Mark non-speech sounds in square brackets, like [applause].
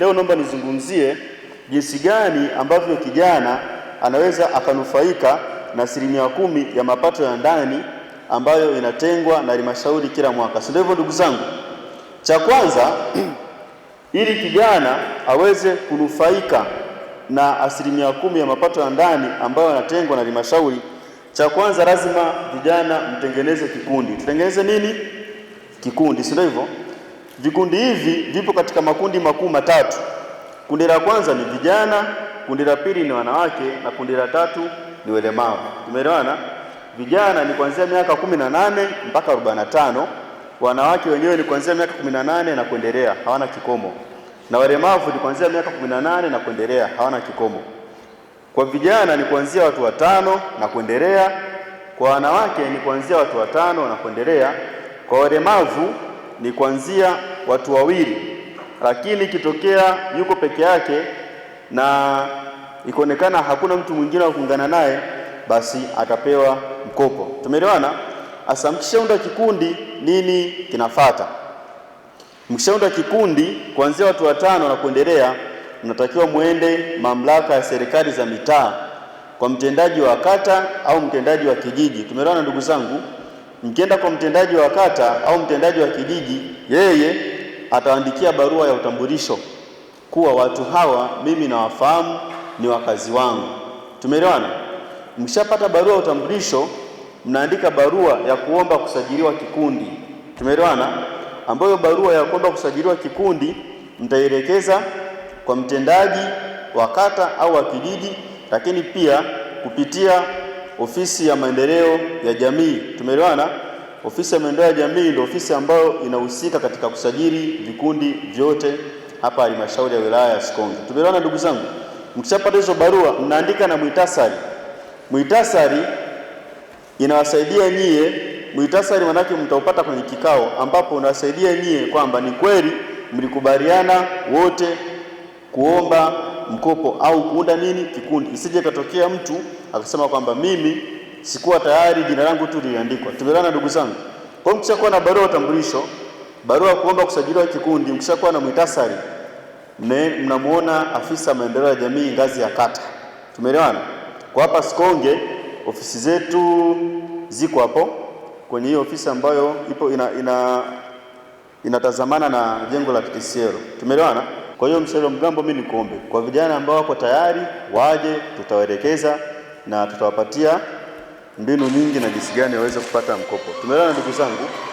Leo naomba nizungumzie jinsi gani ambavyo kijana anaweza akanufaika na asilimia kumi ya mapato ya ndani ambayo inatengwa na halmashauri kila mwaka, si ndio hivyo ndugu zangu? Cha kwanza [clears throat] ili kijana aweze kunufaika na asilimia kumi ya mapato ya ndani ambayo yanatengwa na halmashauri, cha kwanza lazima vijana mtengeneze kikundi. Tutengeneze nini? Kikundi, si ndio hivyo? Vikundi hivi vipo katika makundi makuu matatu. Kundi la kwanza ni vijana, kundi la pili ni wanawake na kundi la tatu ni walemavu. Tumeelewana? Vijana ni kuanzia miaka 18 mpaka 45, Wanawake wenyewe ni kuanzia miaka 18 na kuendelea, hawana kikomo, na walemavu ni kuanzia miaka 18 na na kuendelea, hawana kikomo. Kwa vijana ni kuanzia watu watano na kuendelea, kwa wanawake ni kuanzia watu watano na kuendelea, kwa walemavu ni kuanzia watu wawili, lakini ikitokea yuko peke yake na ikionekana hakuna mtu mwingine wa kuungana naye, basi atapewa mkopo. Tumeelewana? Asa, mkishaunda kikundi nini kinafata? Mkishaunda kikundi kuanzia watu watano na kuendelea, mnatakiwa mwende mamlaka ya serikali za mitaa kwa mtendaji wa kata au mtendaji wa kijiji. Tumeelewana ndugu zangu? mkienda kwa mtendaji wa kata au mtendaji wa kijiji, yeye ataandikia barua ya utambulisho kuwa watu hawa mimi nawafahamu, ni wakazi wangu. Tumeelewana? Mkishapata barua ya utambulisho, mnaandika barua ya kuomba kusajiliwa kikundi. Tumeelewana? Ambayo barua ya kuomba kusajiliwa kikundi mtaielekeza kwa mtendaji wa kata au wa kijiji, lakini pia kupitia ofisi ya maendeleo ya jamii. Tumeelewana? Ofisi ya maendeleo ya jamii ndio ofisi ambayo inahusika katika kusajili vikundi vyote hapa halmashauri ya wilaya ya Sikonge. Tumeelewana ndugu zangu? Mkishapata hizo barua mnaandika na mwitasari. Mwitasari inawasaidia nyie, mwitasari manake mtaupata kwenye kikao, ambapo unawasaidia nyie kwamba ni kweli mlikubaliana wote kuomba mkopo au kuunda nini kikundi, isije katokea mtu akasema kwamba mimi sikuwa tayari, jina langu tu liliandikwa. Tumeelewana ndugu zangu? Kwa hiyo mkishakuwa na barua utambulisho, barua ya kuomba kusajiliwa kikundi, mkishakuwa na mwitasari, mnamuona afisa maendeleo ya jamii ngazi ya kata. Tumeelewana? Kwa hapa Sikonge ofisi zetu ziko hapo kwenye hiyo ofisi ambayo ipo ina, ina, inatazamana na jengo la TTCL. Tumeelewana? Kwa hiyo mshauri wa mgambo, mimi nikuombe kwa vijana ambao wako tayari waje, tutawaelekeza na tutawapatia mbinu nyingi na jinsi gani waweze kupata mkopo. Tumeelewana ndugu zangu?